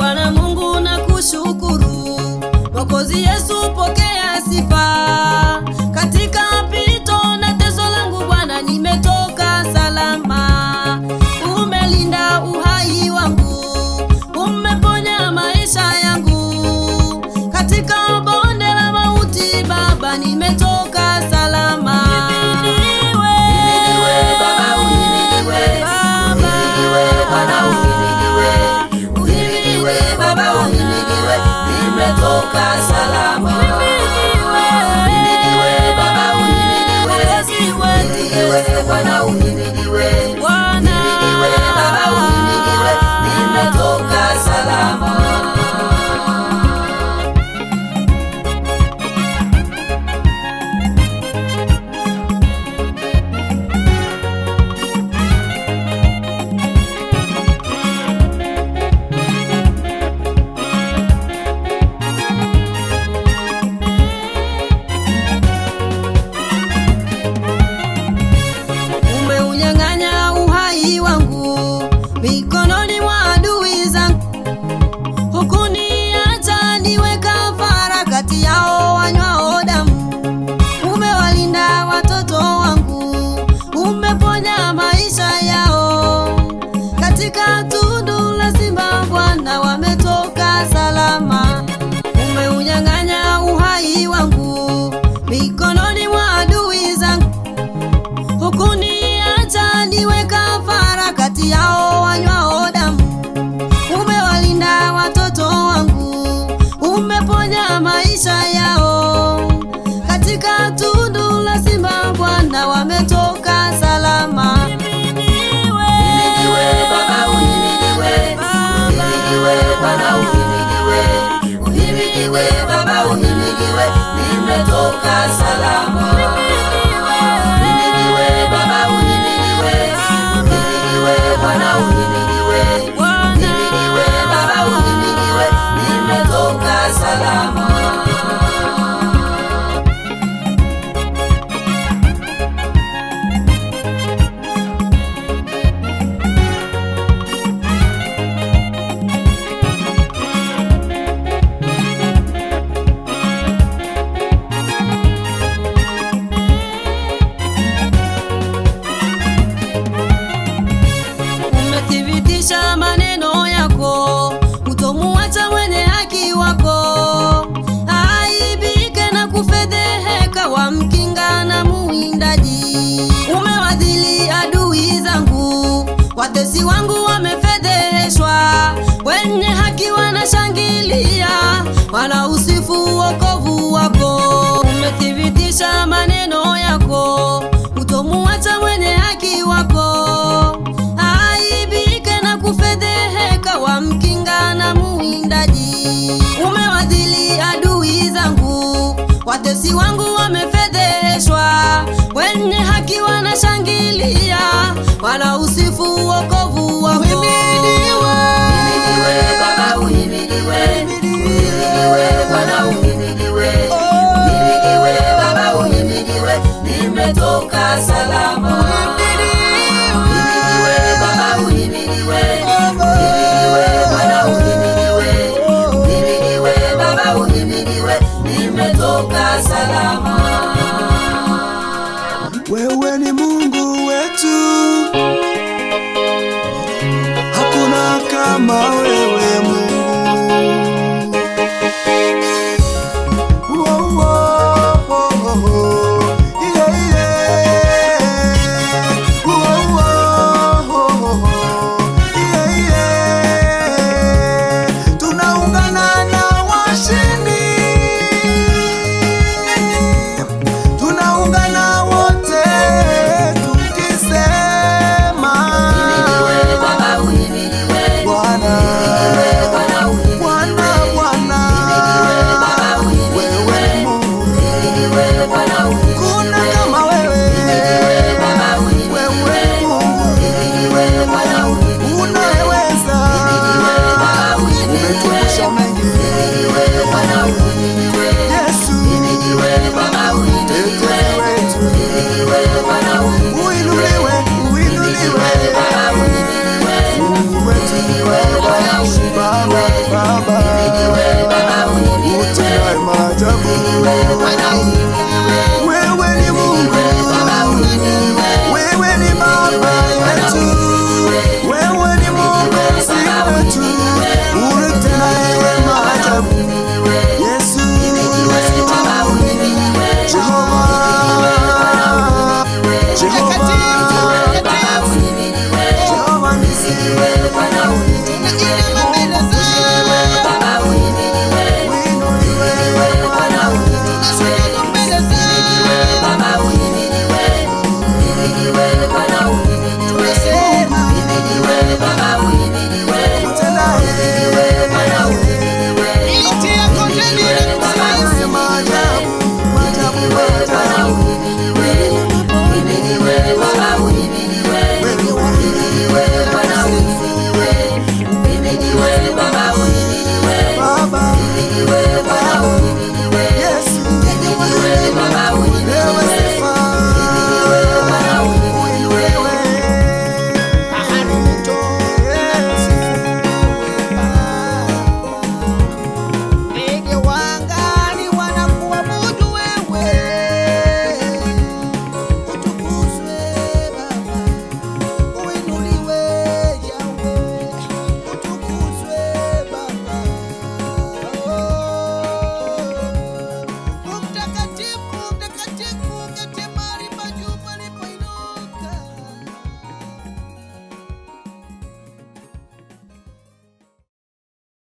wanna pass mikononi mwa adui zangu, huku niacha niwe kafara kati yao wanywao damu. Umewalinda watoto wangu, umeponya maisha yao katika tu me tocas al amor. Watesi wangu wamefedheshwa, wenye haki wanashangilia, usifu wokovu wako. Umethibitisha maneno yako, utomuacha mwenye haki wako aibike na kufedheheka, wamkinga na muindaji Umewadhili adui zangu, watesi wangu wamefedheshwa, wenye haki wanashangilia, wako kutoka salama. the body.